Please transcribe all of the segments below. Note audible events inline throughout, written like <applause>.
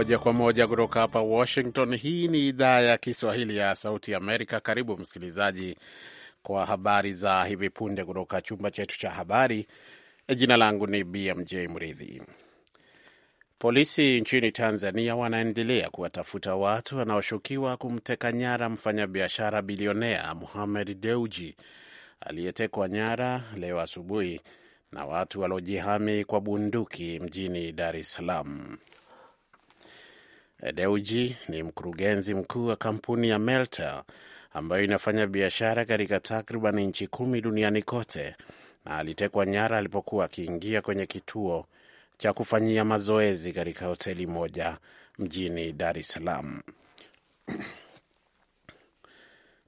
Moja kwa moja kutoka hapa Washington. Hii ni idhaa ya Kiswahili ya Sauti Amerika. Karibu msikilizaji kwa habari za hivi punde kutoka chumba chetu cha habari. Jina langu ni BMJ Mridhi. Polisi nchini Tanzania wanaendelea kuwatafuta watu wanaoshukiwa kumteka nyara mfanyabiashara bilionea muhamed Deuji aliyetekwa nyara leo asubuhi na watu waliojihami kwa bunduki mjini Dar es Salaam. Deuji ni mkurugenzi mkuu wa kampuni ya Melta ambayo inafanya biashara katika takriban nchi kumi duniani kote na alitekwa nyara alipokuwa akiingia kwenye kituo cha kufanyia mazoezi katika hoteli moja mjini Dar es Salaam. <clears throat>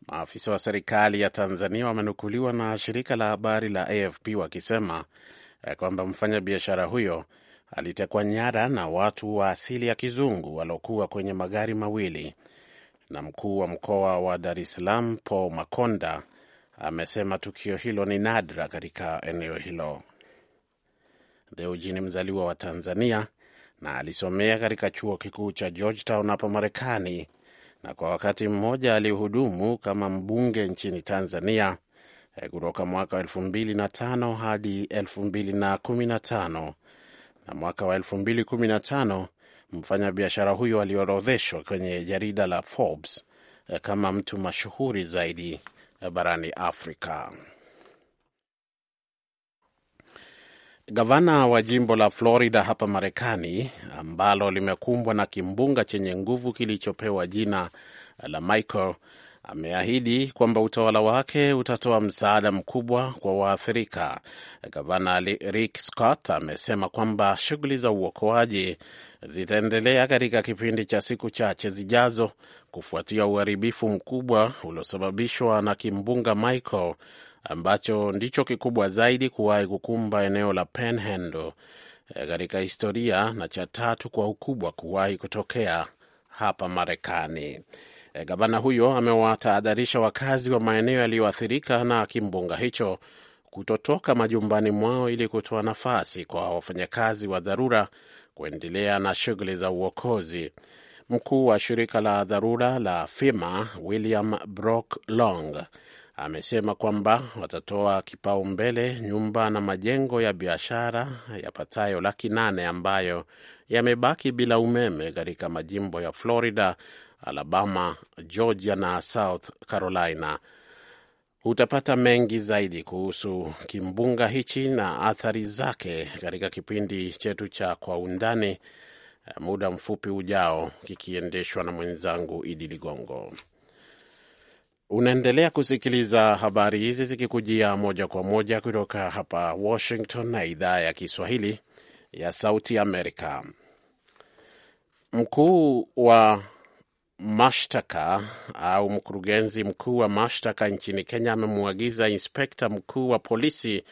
Maafisa wa serikali ya Tanzania wamenukuliwa na shirika la habari la AFP wakisema eh, kwamba mfanya biashara huyo alitekwa nyara na watu wa asili ya kizungu waliokuwa kwenye magari mawili. Na mkuu wa mkoa wa Dar es Salaam Paul Makonda amesema tukio hilo ni nadra katika eneo hilo. Deuji ni mzaliwa wa Tanzania na alisomea katika chuo kikuu cha Georgetown hapa Marekani, na kwa wakati mmoja alihudumu kama mbunge nchini Tanzania eh, kutoka mwaka 2005 hadi 2015 na mwaka wa 2015 mfanyabiashara huyo aliorodheshwa kwenye jarida la Forbes eh, kama mtu mashuhuri zaidi eh, barani Afrika. Gavana wa jimbo la Florida hapa Marekani, ambalo limekumbwa na kimbunga chenye nguvu kilichopewa jina eh, la Michael, ameahidi kwamba utawala wake utatoa msaada mkubwa kwa waathirika. Gavana Rick Scott amesema kwamba shughuli za uokoaji zitaendelea katika kipindi cha siku chache zijazo kufuatia uharibifu mkubwa uliosababishwa na kimbunga Michael ambacho ndicho kikubwa zaidi kuwahi kukumba eneo la Panhandle e, katika historia na cha tatu kwa ukubwa kuwahi kutokea hapa Marekani. E, gavana huyo amewatahadharisha wakazi wa maeneo yaliyoathirika na kimbunga hicho kutotoka majumbani mwao ili kutoa nafasi kwa wafanyakazi wa dharura kuendelea na shughuli za uokozi. Mkuu wa shirika la dharura la FEMA William Brock Long amesema kwamba watatoa kipaumbele nyumba na majengo ya biashara yapatayo laki nane ambayo yamebaki bila umeme katika majimbo ya Florida, Alabama, Georgia na South Carolina. Utapata mengi zaidi kuhusu kimbunga hichi na athari zake katika kipindi chetu cha Kwa Undani muda mfupi ujao, kikiendeshwa na mwenzangu Idi Ligongo. Unaendelea kusikiliza habari hizi zikikujia moja kwa moja kutoka hapa Washington na idhaa ya Kiswahili ya Sauti Amerika. Mkuu wa mashtaka au mkurugenzi mkuu wa mashtaka nchini Kenya amemwagiza inspekta mkuu wa polisi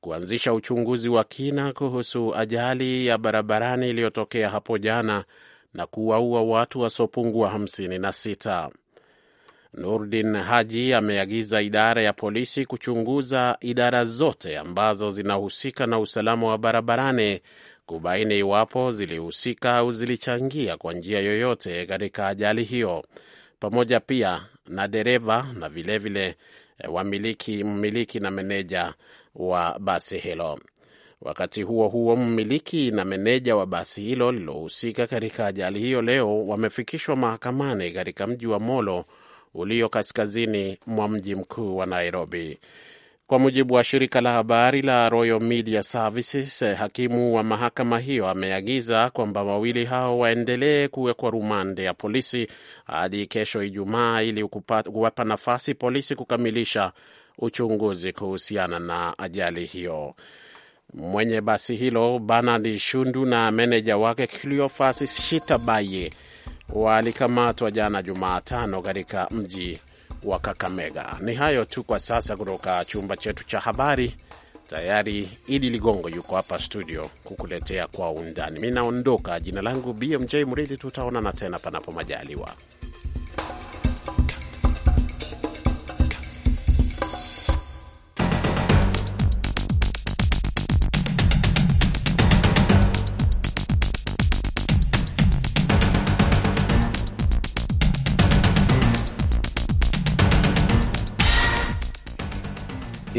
kuanzisha uchunguzi wa kina kuhusu ajali ya barabarani iliyotokea hapo jana na kuwaua watu wasiopungua wa hamsini na sita. Nurdin Haji ameagiza idara ya polisi kuchunguza idara zote ambazo zinahusika na usalama wa barabarani kubaini iwapo zilihusika au zilichangia kwa njia yoyote katika ajali hiyo, pamoja pia na dereva na vilevile eh, wamiliki mmiliki na meneja wa basi hilo. Wakati huo huo, mmiliki na meneja wa basi hilo lilohusika katika ajali hiyo leo wamefikishwa mahakamani katika mji wa Molo ulio kaskazini mwa mji mkuu wa Nairobi. Kwa mujibu wa shirika la habari la Royal Media Services, hakimu wa mahakama hiyo ameagiza kwamba wawili hao waendelee kuwekwa rumande ya polisi hadi kesho Ijumaa, ili kuwapa nafasi polisi kukamilisha uchunguzi kuhusiana na ajali hiyo. Mwenye basi hilo Bernard Shundu na meneja wake Cleophas Shitabaye walikamatwa jana Jumatano katika mji wa Kakamega. Ni hayo tu kwa sasa kutoka chumba chetu cha habari. Tayari Idi Ligongo yuko hapa studio kukuletea kwa undani. Mi naondoka, jina langu BMJ Mridhi, tutaonana tena panapo majaliwa.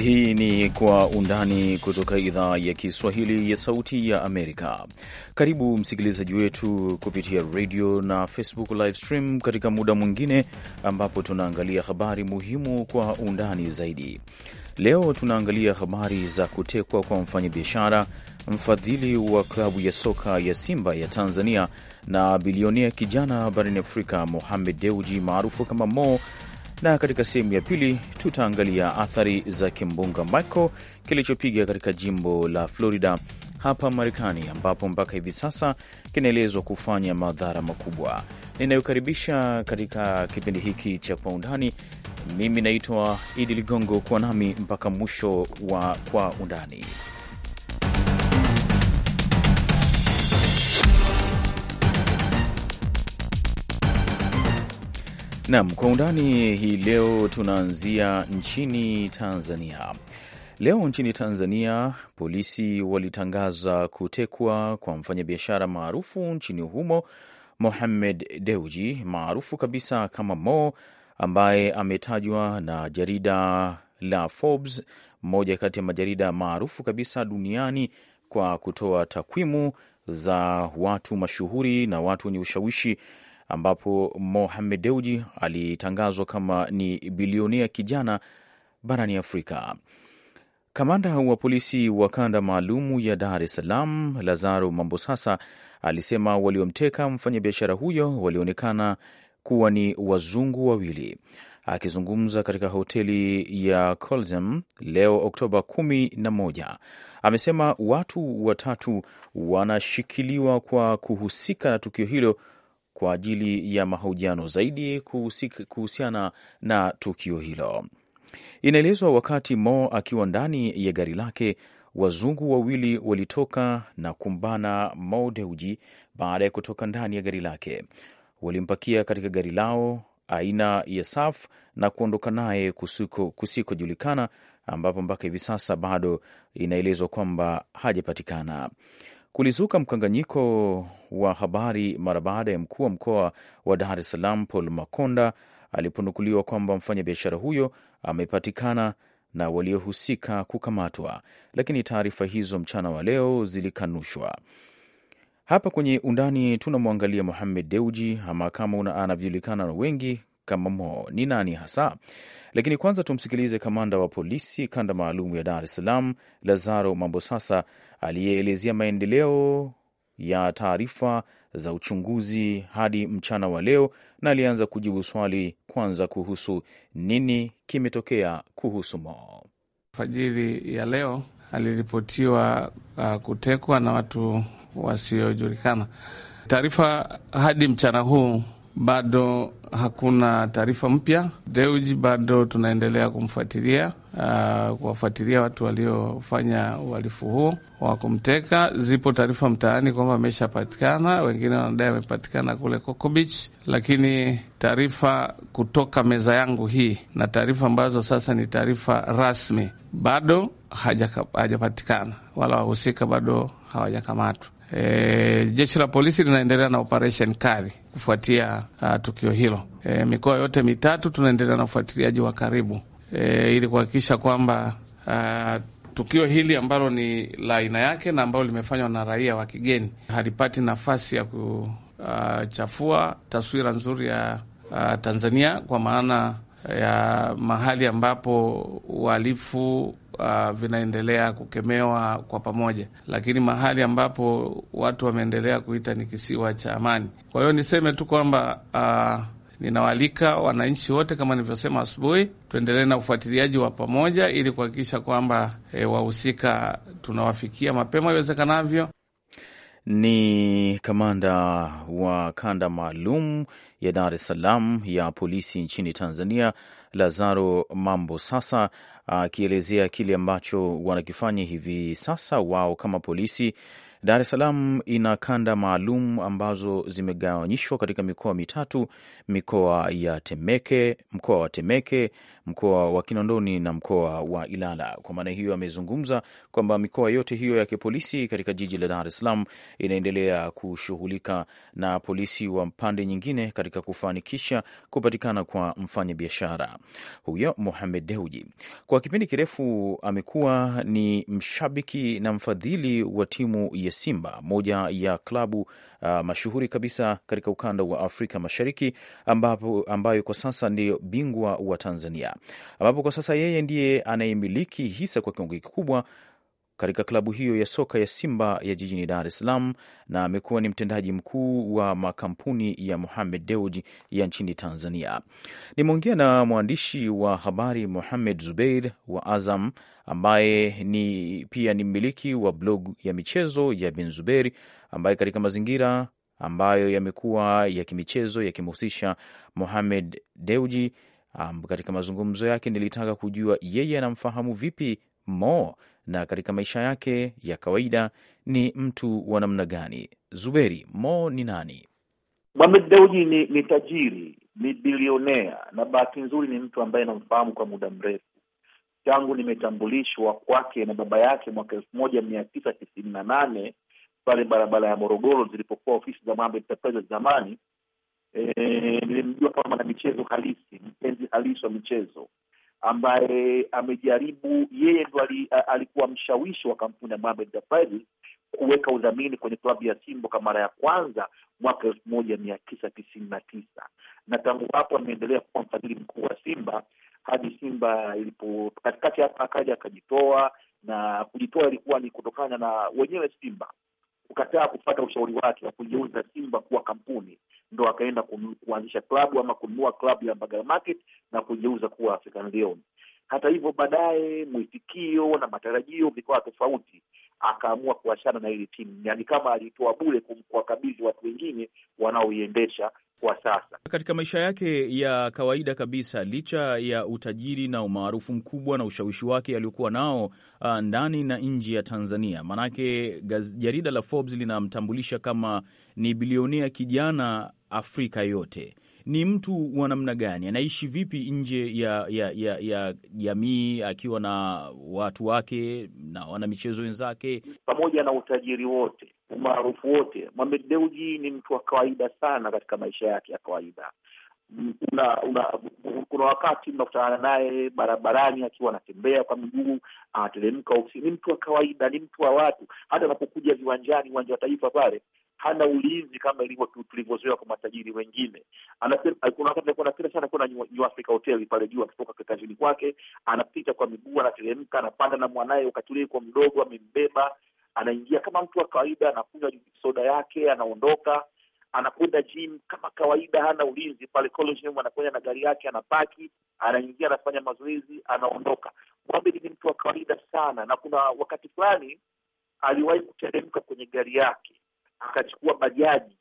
Hii ni Kwa Undani kutoka idhaa ya Kiswahili ya Sauti ya Amerika. Karibu msikilizaji wetu kupitia radio na Facebook live stream katika muda mwingine ambapo tunaangalia habari muhimu kwa undani zaidi. Leo tunaangalia habari za kutekwa kwa mfanyabiashara mfadhili wa klabu ya soka ya Simba ya Tanzania na bilionea kijana barani Afrika Mohamed Deuji maarufu kama Mo na katika sehemu ya pili tutaangalia athari za kimbunga Michael kilichopiga katika jimbo la Florida hapa Marekani, ambapo mpaka hivi sasa kinaelezwa kufanya madhara makubwa. Ninayokaribisha katika kipindi hiki cha Kwa Undani, mimi naitwa Idi Ligongo, kuwa nami mpaka mwisho wa Kwa Undani. Naam, kwa undani hii leo tunaanzia nchini Tanzania. Leo nchini Tanzania polisi walitangaza kutekwa kwa mfanyabiashara maarufu nchini humo Mohamed Deuji maarufu kabisa kama Mo, ambaye ametajwa na jarida la Forbes, moja kati ya majarida maarufu kabisa duniani kwa kutoa takwimu za watu mashuhuri na watu wenye ushawishi ambapo Mohamed Deuji alitangazwa kama ni bilionea kijana barani Afrika. Kamanda wa polisi wa kanda maalumu ya Dar es Salaam, Lazaro Mambosasa, alisema waliomteka mfanyabiashara huyo walionekana kuwa ni wazungu wawili. Akizungumza katika hoteli ya Colzem leo Oktoba 11, amesema watu watatu wanashikiliwa kwa kuhusika na tukio hilo kwa ajili ya mahojiano zaidi kuhusiana na tukio hilo. Inaelezwa wakati Mo akiwa ndani ya gari lake, wazungu wawili walitoka na kumbana Mo deuji baada ya kutoka ndani ya gari lake. Walimpakia katika gari lao aina ya SAF na kuondoka naye kusikojulikana, ambapo mpaka hivi sasa bado inaelezwa kwamba hajapatikana. Kulizuka mkanganyiko wa habari mara baada ya mkuu wa mkoa wa Dar es Salaam Paul Makonda aliponukuliwa kwamba mfanyabiashara huyo amepatikana na waliohusika kukamatwa, lakini taarifa hizo mchana wa leo zilikanushwa. Hapa kwenye undani tunamwangalia Mohamed Deuji ama kama anavyojulikana na wengi Kamamo ni nani hasa? Lakini kwanza tumsikilize kamanda wa polisi kanda maalum ya Dar es Salaam Lazaro Mambosasa aliyeelezea maendeleo ya taarifa za uchunguzi hadi mchana wa leo, na alianza kujibu swali kwanza kuhusu nini kimetokea kuhusu Mo. Fajiri ya leo aliripotiwa uh, kutekwa na watu wasiojulikana. Taarifa hadi mchana huu bado hakuna taarifa mpya. Deuji bado tunaendelea kumfuatilia, uh, kuwafuatilia watu waliofanya uhalifu huo wa kumteka. Zipo taarifa mtaani kwamba ameshapatikana, wengine wanadai amepatikana kule Kokobich, lakini taarifa kutoka meza yangu hii na taarifa ambazo sasa ni taarifa rasmi, bado hajapatikana haja wala wahusika bado hawajakamatwa. E, jeshi la polisi linaendelea na operesheni kali kufuatia uh, tukio hilo. E, mikoa yote mitatu tunaendelea na ufuatiliaji wa karibu e, ili kuhakikisha kwamba uh, tukio hili ambalo ni la aina yake na ambalo limefanywa na raia wa kigeni halipati nafasi ya kuchafua taswira nzuri ya uh, Tanzania kwa maana ya mahali ambapo uhalifu uh, vinaendelea kukemewa kwa pamoja, lakini mahali ambapo watu wameendelea kuita ni kisiwa cha amani. Kwa hiyo niseme tu kwamba uh, ninawaalika wananchi wote kama nilivyosema asubuhi, tuendelee na ufuatiliaji wa pamoja ili kuhakikisha kwamba e, wahusika tunawafikia mapema iwezekanavyo. Ni kamanda wa kanda maalum ya Dar es Salaam ya polisi nchini Tanzania Lazaro Mambo sasa akielezea kile ambacho wanakifanya hivi sasa wao kama polisi. Dar es Salaam ina kanda maalum ambazo zimegawanyishwa katika mikoa mitatu, mikoa ya Temeke, mkoa wa Temeke, mkoa wa Kinondoni na mkoa wa Ilala. Kwa maana hiyo, amezungumza kwamba mikoa yote hiyo ya kipolisi katika jiji la Dar es Salaam inaendelea kushughulika na polisi wa pande nyingine katika kufanikisha kupatikana kwa mfanyabiashara huyo Mohamed Deuji. Kwa kipindi kirefu amekuwa ni mshabiki na mfadhili wa timu ya Simba, moja ya klabu uh, mashuhuri kabisa katika ukanda wa Afrika Mashariki ambapo, ambayo kwa sasa ndiyo bingwa wa Tanzania. Ulaya, ambapo kwa sasa yeye ndiye anayemiliki hisa kwa kiwango kikubwa katika klabu hiyo ya soka ya Simba ya jijini Dar es Salaam na amekuwa ni mtendaji mkuu wa makampuni ya Mohamed Dewji ya nchini Tanzania. Nimeongea na mwandishi wa habari Mohamed Zubeir wa Azam ambaye ni pia ni mmiliki wa blog ya michezo ya Bin Zubeir ambaye katika mazingira ambayo yamekuwa ya kimichezo yakimhusisha Mohamed Dewji Um, katika mazungumzo yake nilitaka kujua yeye anamfahamu vipi Mo na katika maisha yake ya kawaida ni mtu wa namna gani. Zuberi, Mo ni nani? Mohamed Dewji ni, ni tajiri, ni bilionea na bahati nzuri ni mtu ambaye namfahamu kwa muda mrefu tangu nimetambulishwa kwake na baba yake mwaka elfu moja mia tisa tisini na nane pale barabara ya Morogoro zilipokuwa ofisi za Mohamed Tapeza zamani, Eh, nilimjua kama mwanamichezo halisi, mpenzi halisi wa michezo ambaye amejaribu yeye ndo alikuwa mshawishi wa kampuni ya Mohamed Dafadi kuweka udhamini kwenye klabu ya Simba kwa mara ya kwanza mwaka elfu moja mia tisa tisini na tisa na tangu hapo ameendelea kuwa mfadhili mkuu wa Simba hadi Simba ilipo katikati hapa akaja akajitoa, na kujitoa ilikuwa ni kutokana na wenyewe Simba kukataa kupata ushauri wake wa kujeuza Simba kuwa kampuni, ndo akaenda kuanzisha klabu ama kununua klabu ya Mbagala Market na kujeuza kuwa African Lion. Hata hivyo, baadaye mwitikio na matarajio vikawa tofauti, akaamua kuachana na hili timu, yani kama alitoa bule kuwakabidhi watu wengine wanaoiendesha kwa sasa. Katika maisha yake ya kawaida kabisa, licha ya utajiri na umaarufu mkubwa na ushawishi wake aliokuwa nao uh, ndani na nje ya Tanzania, maanake jarida la Forbes linamtambulisha kama ni bilionea kijana Afrika yote ni mtu wa namna gani? Anaishi vipi nje ya ya ya ya jamii akiwa na watu wake na wanamichezo wenzake, pamoja na utajiri wote? umaarufu wote. Mohamed Deuji ni mtu wa kawaida sana katika maisha yake ya kawaida. Mm, una, una, kuna wakati mnakutana naye barabarani akiwa anatembea kwa miguu, anateremka ofisi. Ni mtu wa kawaida, ni mtu wa watu. Hata anapokuja viwanjani, uwanja wa Taifa pale hana ulinzi kama ilivyo tulivyozoea kwa matajiri wengine. Kuna wakati alikuwa anapenda sana kwenda New Africa Hotel pale juu, akitoka kazini kwake, anapita kwa miguu, anateremka, anapanda na mwanaye wakati ule yuko mdogo, amembeba anaingia kama mtu wa kawaida, anakunywa soda yake, anaondoka, anakwenda gym kama kawaida, hana ulinzi pale anakwenda na gari yake, anapaki, anaingia, anafanya mazoezi, anaondoka. Mohamed ni mtu wa kawaida sana, na kuna wakati fulani aliwahi kuteremka kwenye gari yake akachukua bajaji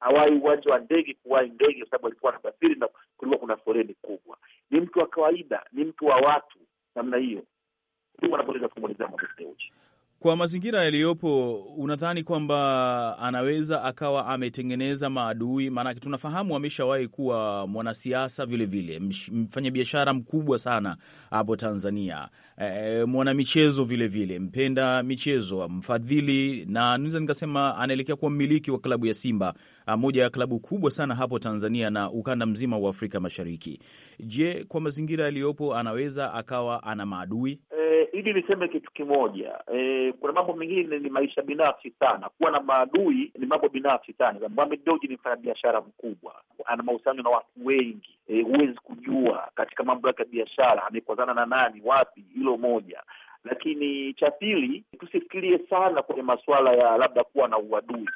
awai uwanja wa ndege kuwai ndege, kwa sababu alikuwa anasafiri na kulikuwa kuna foleni kubwa. Ni mtu wa kawaida, ni mtu wa watu namna hiyo, ndio wanapoteza kumalizama kwa mazingira yaliyopo, unadhani kwamba anaweza akawa ametengeneza maadui? Maanake tunafahamu ameshawahi kuwa mwanasiasa vilevile, mfanyabiashara mkubwa sana hapo Tanzania, e, mwanamichezo vilevile, mpenda michezo, mfadhili na naweza nikasema anaelekea kuwa mmiliki wa klabu ya Simba, moja ya klabu kubwa sana hapo Tanzania na ukanda mzima wa Afrika Mashariki. Je, kwa mazingira yaliyopo anaweza akawa ana maadui? E, ili niseme kitu kimoja e, kuna mambo mengine ni maisha binafsi sana. Kuwa na maadui ni mambo binafsi sana. Mohamed Dewji ni mfanyabiashara mkubwa, ana mahusiano na watu wengi, e, huwezi e, kujua katika mambo yake ya biashara amekwazana na nani wapi. Hilo moja lakini cha pili, tusifikirie sana kwenye masuala ya labda kuwa na uadui.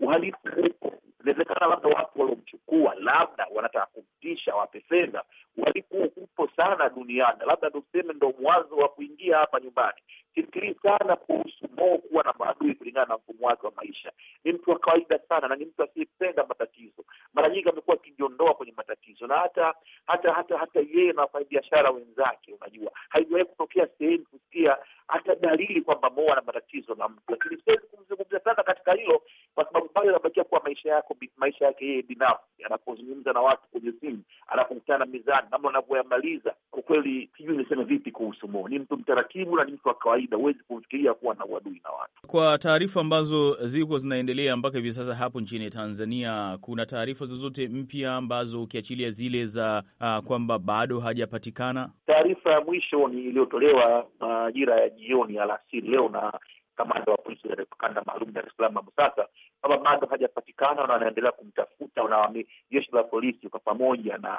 Uhalifu huko Inawezekana labda watu waliomchukua labda wanataka kumtisha, wape fedha, walikuwa upo sana duniani, labda tuseme ndo mwanzo wa kuingia hapa nyumbani. Sifikirii sana kuhusu Mo kuwa na maadui kulingana na mfumo wake wa maisha. Ni mtu wa kawaida sana na ni mtu asiyependa matatizo. Mara nyingi amekuwa akijiondoa kwenye matatizo, na hata hata hata hata yeye na wafanyabiashara wenzake, unajua, haijawahi kutokea sehemu kusikia hata dalili kwamba Mo ana matatizo na mtu. Lakini siwezi kumzungumza sana katika hilo, kwa sababu bado anabakia kuwa maisha yako maisha yake yeye binafsi, anapozungumza na watu kwenye simu, anapokutana mizani, namna anavyoyamaliza. Kwa kweli sijui niseme vipi kuhusu Mo. Ni mtu mtaratibu na ni mtu wa kawaida kawaida huwezi kufikiria kuwa na uadui na watu. Kwa taarifa ambazo ziko zinaendelea mpaka hivi sasa hapo nchini Tanzania, kuna taarifa zozote mpya ambazo ukiachilia zile za uh, kwamba bado hajapatikana? Taarifa ya mwisho ni iliyotolewa majira uh, ya jioni alasiri leo na kamanda wa polisi kanda maalum Dar es Salaam Abu Sasa kwamba bado hajapatikana na wanaendelea kumtafuta na jeshi la polisi kwa pamoja na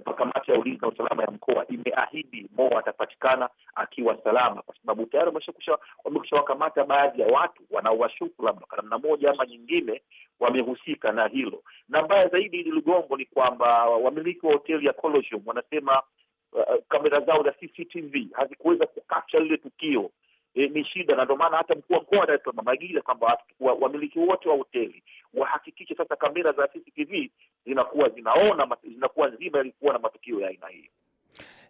kamati ya ulinzi na usalama ya mkoa imeahidi Mo atapatikana akiwa salama, kwa sababu tayari wamekusha wakamata baadhi ya watu wanaowashuku labda kwa namna moja ama nyingine wamehusika na hilo. Na mbaya zaidi ili Ligongo ni kwamba wamiliki wa hoteli ya Colosseum wanasema uh, uh, kamera zao za CCTV hazikuweza kukapcha lile tukio e, ni shida, na ndio maana hata mkuu wa mkoa wa Dar maagiza kwamba wamiliki wote wa hoteli wahakikishe sasa kamera za CCTV zinakuwa zinaona zinakuwa nzima, ilikuwa na matukio ya aina hiyo.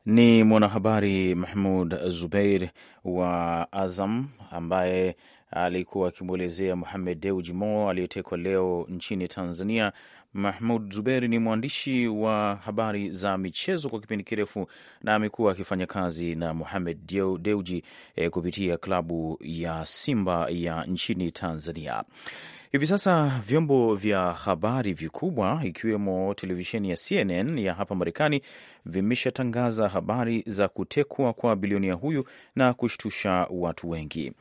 Ni mwanahabari Mahmud Zubeir wa Azam ambaye alikuwa akimwelezea Muhamed Deuji Mo aliyetekwa leo nchini Tanzania. Mahmud Zubeir ni mwandishi wa habari za michezo kwa kipindi kirefu na amekuwa akifanya kazi na Muhamed Deuji e, eh, kupitia klabu ya Simba ya nchini Tanzania. Hivi sasa vyombo vya habari vikubwa ikiwemo televisheni ya CNN ya hapa Marekani vimeshatangaza habari za kutekwa kwa bilionia huyu na kushtusha watu wengi.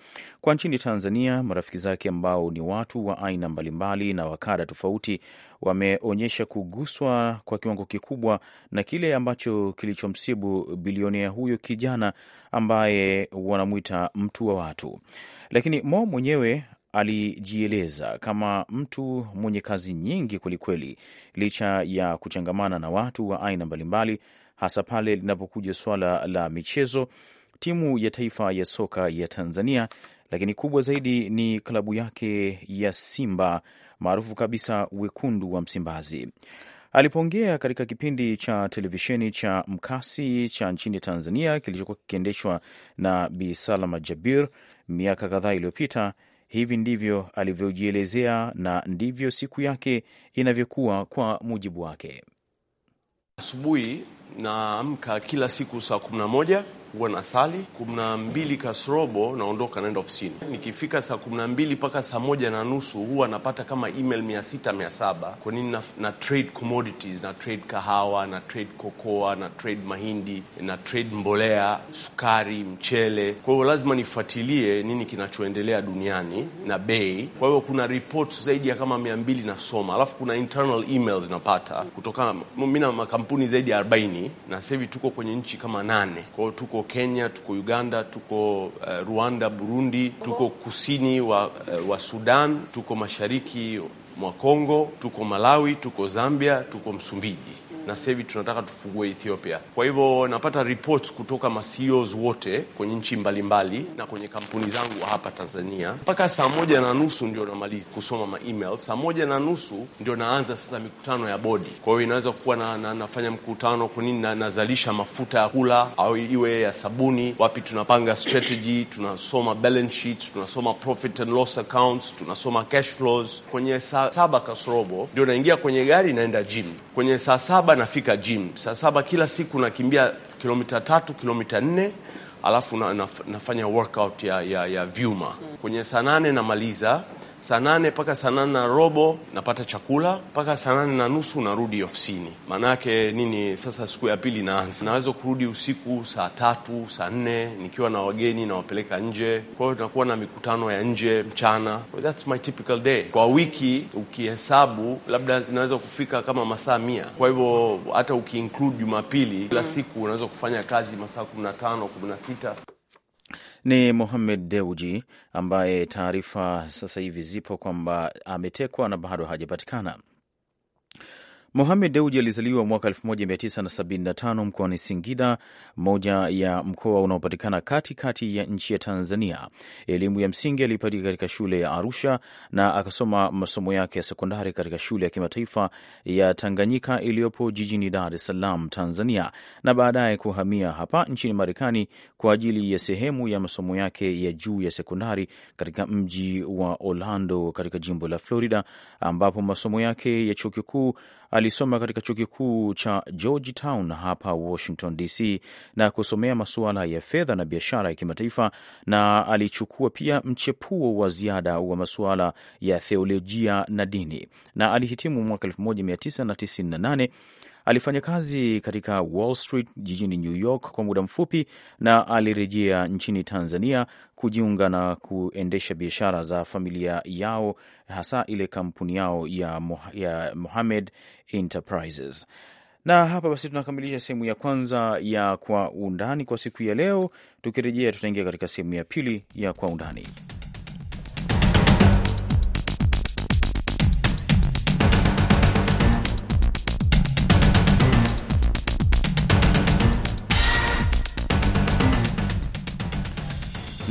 Kwa nchini Tanzania, marafiki zake ambao ni watu wa aina mbalimbali na wakada tofauti wameonyesha kuguswa kwa kiwango kikubwa na kile ambacho kilichomsibu bilionia huyo kijana ambaye wanamwita mtu wa watu, lakini Mo mwenyewe alijieleza kama mtu mwenye kazi nyingi kwelikweli, licha ya kuchangamana na watu wa aina mbalimbali, hasa pale linapokuja suala la michezo, timu ya taifa ya soka ya Tanzania, lakini kubwa zaidi ni klabu yake ya Simba maarufu kabisa Wekundu wa Msimbazi. Alipoongea katika kipindi cha televisheni cha Mkasi cha nchini Tanzania kilichokuwa kikiendeshwa na Bi Salama Jabir miaka kadhaa iliyopita, Hivi ndivyo alivyojielezea na ndivyo siku yake inavyokuwa kwa mujibu wake. Asubuhi naamka kila siku saa kumi na moja huwa nasali kumi na mbili kasrobo, naondoka naenda ofisini. Nikifika saa kumi na mbili mpaka saa moja na nusu huwa napata kama email mia sita mia saba kwa nini na, na trade commodities, na trade kahawa, na trade kokoa, na trade mahindi, na trade mbolea, sukari, mchele. Kwa hiyo lazima nifuatilie nini kinachoendelea duniani na bei. Kwa hiyo kuna reports zaidi ya kama mia mbili nasoma, alafu kuna internal emails napata kutoka mi na makampuni zaidi ya 40 na sahivi tuko kwenye nchi kama nane, kwa hiyo tuko Kenya, tuko Uganda, tuko uh, Rwanda, Burundi, tuko kusini wa, uh, wa Sudan, tuko mashariki mwa Kongo, tuko Malawi, tuko Zambia, tuko Msumbiji na sasa hivi tunataka tufungue Ethiopia. Kwa hivyo napata reports kutoka ma-CEOs wote kwenye nchi mbalimbali na kwenye kampuni zangu hapa Tanzania. Mpaka saa moja na nusu ndio namaliza kusoma ma-email. Saa moja na nusu ndio naanza sasa mikutano ya bodi. Kwa hiyo inaweza kuwa na, na, nafanya mkutano kwa nini na, nazalisha mafuta ya kula au iwe ya sabuni, wapi tunapanga strategy, tunasoma balance sheets, tunasoma profit and loss accounts, tunasoma cash flows. Kwenye saa saba kasorobo ndio naingia kwenye gari naenda gym. Kwenye saa saba nafika gym saa saba kila siku, nakimbia kilomita tatu kilomita nne alafu na, nafanya workout ya, ya, ya vyuma kwenye saa nane namaliza saa nane mpaka saa nane na robo napata chakula, mpaka saa nane na nusu narudi ofisini. yake nini? Sasa siku ya pili naanza, naweza kurudi usiku saa tatu saa nne nikiwa na wageni nawapeleka nje, kwa hiyo tunakuwa na mikutano ya nje mchana. Well, that's my typical day kwa wiki, ukihesabu labda zinaweza kufika kama masaa mia. Kwa hivyo hata ukiinclude Jumapili, kila siku unaweza kufanya kazi masaa kumi na tano kumi na sita ni Mohamed Deuji ambaye taarifa sasa hivi zipo kwamba ametekwa na bado hajapatikana. Mohamed Deuji alizaliwa mwaka 1975 mkoani Singida, moja ya mkoa unaopatikana katikati ya nchi ya Tanzania. Elimu ya msingi alipatika katika shule ya Arusha na akasoma masomo yake ya sekondari katika shule ya kimataifa ya Tanganyika iliyopo jijini Dar es Salaam, Tanzania, na baadaye kuhamia hapa nchini Marekani kwa ajili ya sehemu ya masomo yake ya juu ya sekondari katika mji wa Orlando katika jimbo la Florida, ambapo masomo yake ya chuo kikuu Alisoma katika chuo kikuu cha Georgetown hapa Washington DC na kusomea masuala ya fedha na biashara ya kimataifa, na alichukua pia mchepuo wa ziada wa masuala ya theolojia na dini, na alihitimu mwaka 1998 Alifanya kazi katika Wall Street jijini New York kwa muda mfupi na alirejea nchini Tanzania kujiunga na kuendesha biashara za familia yao, hasa ile kampuni yao ya, Moh ya Mohamed Enterprises. Na hapa basi tunakamilisha sehemu ya kwanza ya Kwa Undani kwa siku ya leo. Tukirejea tutaingia katika sehemu ya pili ya Kwa Undani.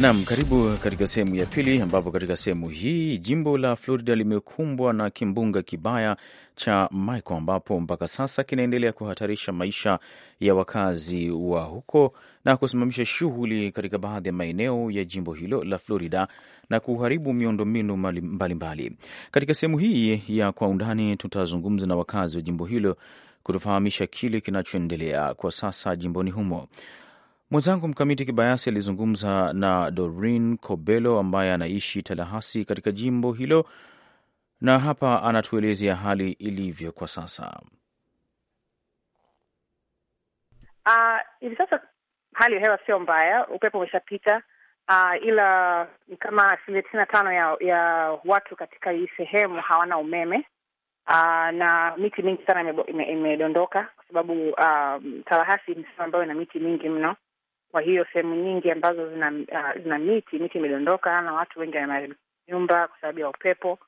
Nam, karibu katika sehemu ya pili, ambapo katika sehemu hii jimbo la Florida limekumbwa na kimbunga kibaya cha Michael ambapo mpaka sasa kinaendelea kuhatarisha maisha ya wakazi wa huko na kusimamisha shughuli katika baadhi ya maeneo ya jimbo hilo la Florida na kuharibu miundombinu mbalimbali. Katika sehemu hii ya kwa undani, tutazungumza na wakazi wa jimbo hilo kutufahamisha kile kinachoendelea kwa sasa jimboni humo. Mwenzangu Mkamiti Kibayasi alizungumza na Doreen Kobelo ambaye anaishi Talahasi katika jimbo hilo, na hapa anatuelezea hali ilivyo kwa sasa. Uh, hivi sasa hali ya hewa sio mbaya, upepo umeshapita. Uh, ila kama asilimia tisini na tano ya, ya watu katika hii sehemu hawana umeme. Uh, na miti mingi sana imedondoka ime, ime kwa sababu uh, Tarahasi ni sehemu ambayo ina miti mingi mno, kwa hiyo sehemu nyingi ambazo zina, uh, zina miti miti imedondoka na watu wengi wameharibu nyumba kwa sababu ya upepo.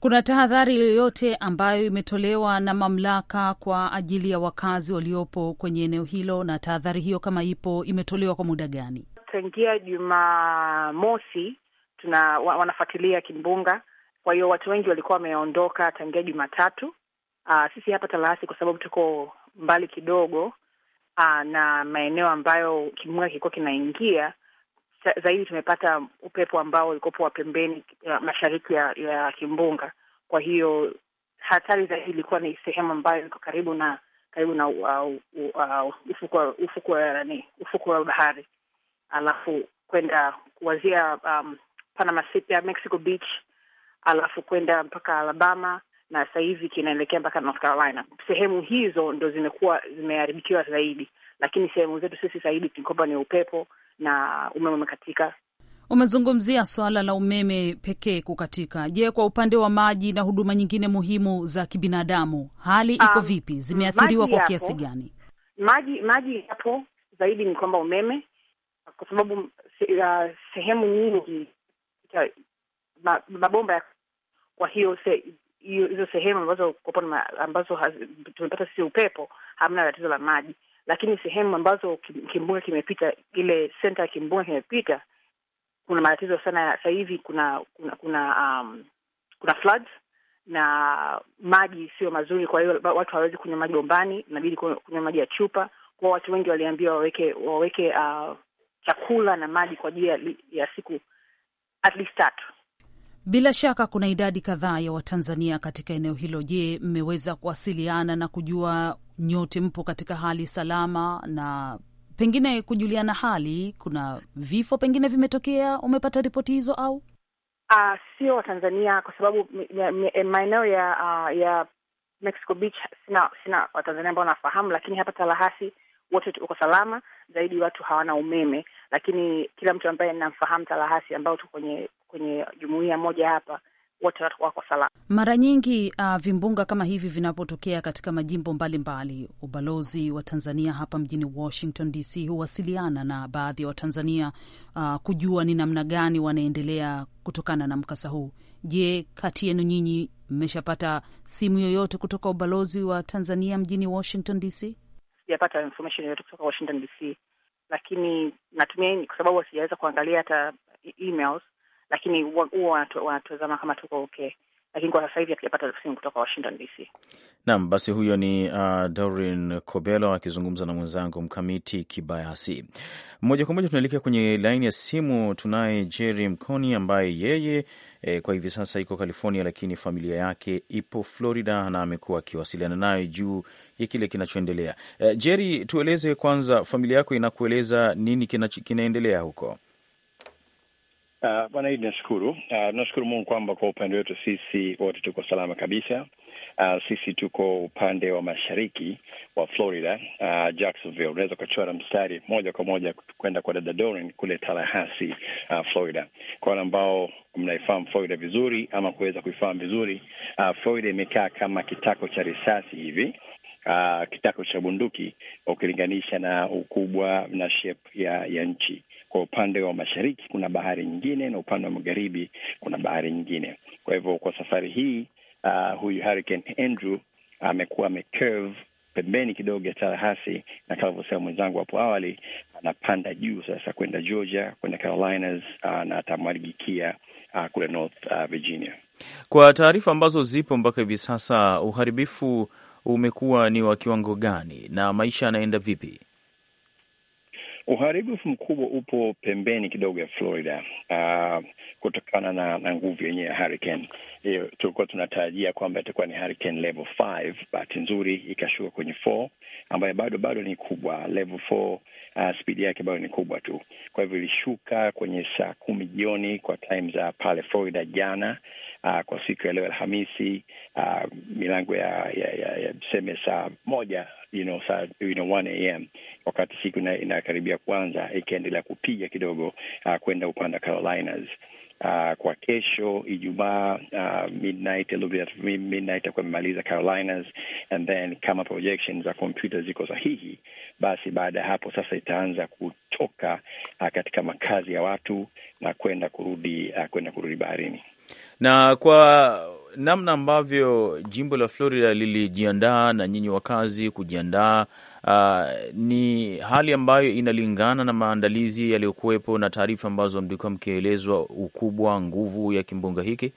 Kuna tahadhari yoyote ambayo imetolewa na mamlaka kwa ajili ya wakazi waliopo kwenye eneo hilo? Na tahadhari hiyo kama ipo, imetolewa kwa muda gani? Tangia Jumamosi tuna wa, wanafuatilia kimbunga. Kwa hiyo watu wengi walikuwa wameondoka tangia Jumatatu. Uh, sisi hapa Talahasi kwa sababu tuko mbali kidogo aa, ah, na maeneo ambayo kimbunga kilikuwa kinaingia zaidi, tumepata upepo ambao ulikopo wa pembeni ya eh, mashariki ya, ya kimbunga. Kwa hiyo hatari zaidi ilikuwa ni sehemu ambayo iko karibu na karibu na uh, uh, uh, ufuko wa bahari, alafu kwenda kuwazia um, Panama City, Mexico Beach, alafu kwenda mpaka Alabama na sasa hivi kinaelekea mpaka North Carolina. Sehemu hizo ndo zimekuwa zimeharibikiwa zaidi, lakini sehemu zetu sisi zaidi hivi ni upepo na umeme umekatika. Umezungumzia swala la umeme pekee kukatika. Je, kwa upande wa maji na huduma nyingine muhimu za kibinadamu hali iko um, vipi? Zimeathiriwa kwa kiasi gani? Maji maji yapo zaidi ni kwamba umeme, kwa sababu uh, sehemu nyingi uh, mabomba. Kwa hiyo se, hizo sehemu ambazo ambazo tumepata sisi upepo hamna tatizo la maji, lakini sehemu ambazo kimbunga kimepita, ile senta ya kimbunga kimepita, kuna matatizo sana. Sasa hivi kuna kuna kuna, um, kuna floods na maji sio mazuri, kwa hiyo watu hawawezi kunywa maji bombani, inabidi kunywa maji ya chupa. Kwa watu wengi waliambiwa waweke waweke uh, chakula na maji kwa ajili ya, ya siku at least tatu bila shaka kuna idadi kadhaa ya Watanzania katika eneo hilo. Je, mmeweza kuwasiliana na kujua nyote mpo katika hali salama na pengine kujuliana hali? Kuna vifo pengine vimetokea, umepata ripoti hizo au uh, sio Watanzania? Kwa sababu eh, maeneo ya uh, ya Mexico Beach sina sina Watanzania ambao wanafahamu, lakini hapa Talahasi wote tuko salama zaidi, watu hawana umeme lakini kila mtu ambaye namfahamu Talahasi ambao tu kwenye kwenye jumuia moja hapa wote wako salama. Mara nyingi uh, vimbunga kama hivi vinapotokea katika majimbo mbalimbali mbali, ubalozi wa Tanzania hapa mjini Washington DC huwasiliana na baadhi ya wa Watanzania uh, kujua ni namna gani wanaendelea kutokana na mkasa huu. Je, kati yenu nyinyi mmeshapata simu yoyote kutoka ubalozi wa Tanzania mjini Washington DC? Sijapata information yoyote kutoka Washington DC lakini natumia ini kwa sababu sijaweza kuangalia hata emails, lakini huwa wanatazama kama tuko okay lakini kwa sasa hivi hatujapata simu kutoka Washington DC. Naam, basi huyo ni uh, Dorin cobelo akizungumza na mwenzangu Mkamiti Kibayasi. Moja kwa moja tunaelekea kwenye laini ya simu, tunaye Jerry Mkoni ambaye yeye e, kwa hivi sasa iko California, lakini familia yake ipo Florida na amekuwa akiwasiliana nayo juu ya kile kinachoendelea. E, Jerry, tueleze kwanza, familia yako inakueleza nini kina, kinaendelea huko? Uh, Bwana uh, Idi, nashukuru uh, nashukuru Mungu kwamba kwa upande wetu sisi wote tuko salama kabisa. Uh, sisi tuko upande wa mashariki wa Florida, uh, Jacksonville. Unaweza ukachora mstari moja kwa moja kwenda kwa dada Dorin kule Tallahassee, uh, Florida. Kwa wale ambao mnaifahamu Florida vizuri ama kuweza kuifahamu vizuri, uh, Florida imekaa kama kitako cha risasi hivi Uh, kitako cha bunduki ukilinganisha na ukubwa na shape ya, ya nchi. Kwa upande wa mashariki kuna bahari nyingine na upande wa magharibi kuna bahari nyingine. Kwa hivyo kwa safari hii uh, huyu Hurricane Andrew amekuwa amecurve pembeni kidogo ya tarahasi, na kama alivyosema mwenzangu hapo awali, anapanda juu sasa kwenda Georgia, kwenda Carolinas, uh, na atamwarigikia uh, kule North uh, Virginia. Kwa taarifa ambazo zipo mpaka hivi sasa, uharibifu umekuwa ni wa kiwango gani na maisha yanaenda vipi? Uharibifu mkubwa upo pembeni kidogo ya Florida, uh, kutokana na, na nguvu yenyewe ya hurricane. Eh, tulikuwa tunatarajia kwamba itakuwa ni hurricane level 5, bahati nzuri ikashuka kwenye 4 ambayo bado bado ni kubwa. Level 4 uh, ah, spidi yake ambayo ni kubwa tu. Kwa hivyo ilishuka kwenye saa kumi jioni kwa time za ah, pale Florida jana. Uh, kwa siku ya leo Alhamisi, uh, milango ya, ya, ya, ya tuseme saa moja you know, saa you know, 1 am wakati siku inakaribia kuanza, ikiendelea kupiga kidogo uh, kwenda upande wa Carolinas uh, kwa kesho Ijumaa uh, midnight midnight kwa amemaliza Carolinas, and then kama projection za kompyuta ziko sahihi, basi baada ya hapo sasa itaanza kutoka uh, katika makazi ya watu na kwenda kurudi uh, kwenda kurudi baharini na kwa namna ambavyo jimbo la Florida lilijiandaa na nyinyi wakazi kujiandaa, uh, ni hali ambayo inalingana na maandalizi yaliyokuwepo na taarifa ambazo mlikuwa mkielezwa, ukubwa, nguvu ya kimbunga hiki?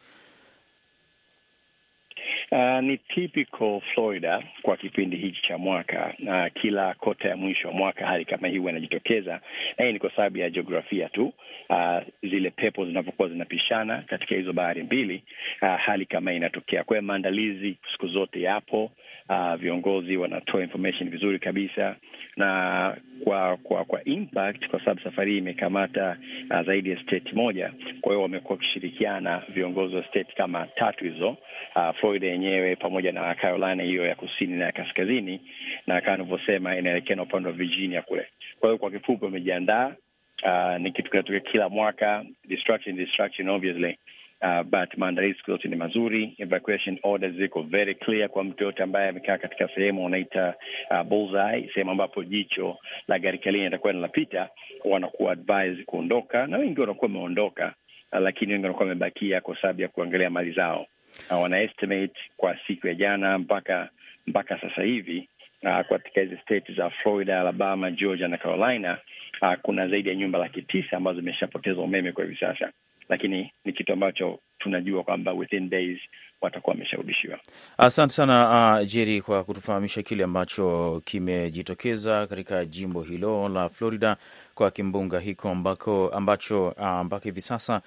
Uh, ni typical Florida kwa kipindi hiki cha mwaka na uh, kila kota ya mwisho wa mwaka hali kama hii inajitokeza, na hii ni kwa sababu ya jiografia tu. Uh, zile pepo zinavyokuwa zinapishana katika hizo bahari mbili, uh, hali kama hii inatokea. Kwa hiyo maandalizi siku zote yapo, uh, viongozi wanatoa information vizuri kabisa na kwa kwa kwa impact, kwa sababu safari hii imekamata uh, zaidi ya state moja. Kwa hiyo wamekuwa wakishirikiana viongozi wa state kama tatu hizo, uh, Florida yenyewe pamoja na Carolina hiyo ya kusini na ya kaskazini, na kama anavyosema inaelekea na upande wa Virginia kule. Kwa hiyo kwa kifupi wamejiandaa. Uh, ni kitu kinatokea kila mwaka, destruction, destruction obviously Uh, but maandalizi siku zote ni mazuri, evacuation orders ziko very clear kwa mtu yoyote ambaye amekaa katika sehemu wanaita uh, bullseye, sehemu ambapo jicho la gari kalini itakuwa linapita, wanakuwa advised kuondoka, na wengi wanakuwa wameondoka, uh, lakini wengi wanakuwa wamebakia kwa sababu ya kuangalia mali zao. Uh, wanaestimate kwa siku ya jana mpaka mpaka sasa hivi uh, katika hizi state za Florida, Alabama, Georgia na Carolina uh, kuna zaidi ya nyumba laki tisa ambazo zimeshapoteza umeme kwa hivi sasa lakini ni kitu ambacho tunajua kwamba within days watakuwa wamesharudishiwa. Asante sana uh, Jerry kwa kutufahamisha kile ambacho kimejitokeza katika jimbo hilo la Florida kwa kimbunga hiko ambako, ambacho uh, mpaka hivi sasa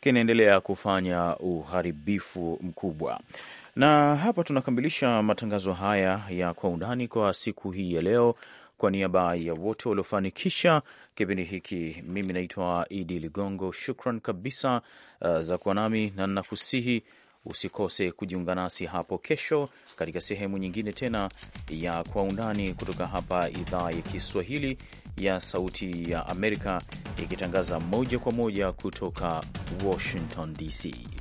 kinaendelea kufanya uharibifu mkubwa. Na hapa tunakamilisha matangazo haya ya kwa undani kwa siku hii ya leo. Kwa niaba ya wote waliofanikisha kipindi hiki, mimi naitwa Idi Ligongo. Shukran kabisa uh, za kuwa nami na nakusihi usikose kujiunga nasi hapo kesho katika sehemu nyingine tena ya Kwa Undani kutoka hapa idhaa ya Kiswahili ya Sauti ya Amerika, ikitangaza moja kwa moja kutoka Washington DC.